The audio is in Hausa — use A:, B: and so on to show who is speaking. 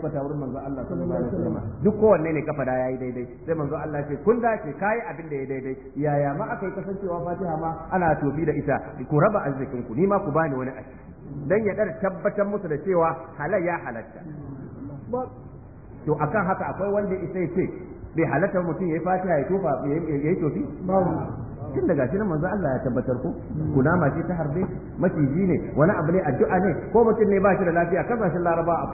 A: fata wurin manzo Allah sallallahu alaihi wasallam duk kowanne ne kafa da yayi daidai sai manzo Allah ce kun dace kai abin da yayi daidai yaya ma akai kasancewa Fatiha ma ana tobi da ita ku raba arzikin ku ni ma ku bani wani aiki dan ya dar tabbatar musu da cewa halal ya halatta to akan haka akwai wanda isa ya ce bai halatta mutum yayi Fatiha ya tofa yayi tofi tun daga shi nan manzo Allah ya tabbatar ku kunama ce ta harbe maciji ne wani abu ne addu'a ne ko mutum ne ba shi da lafiya kasashen Laraba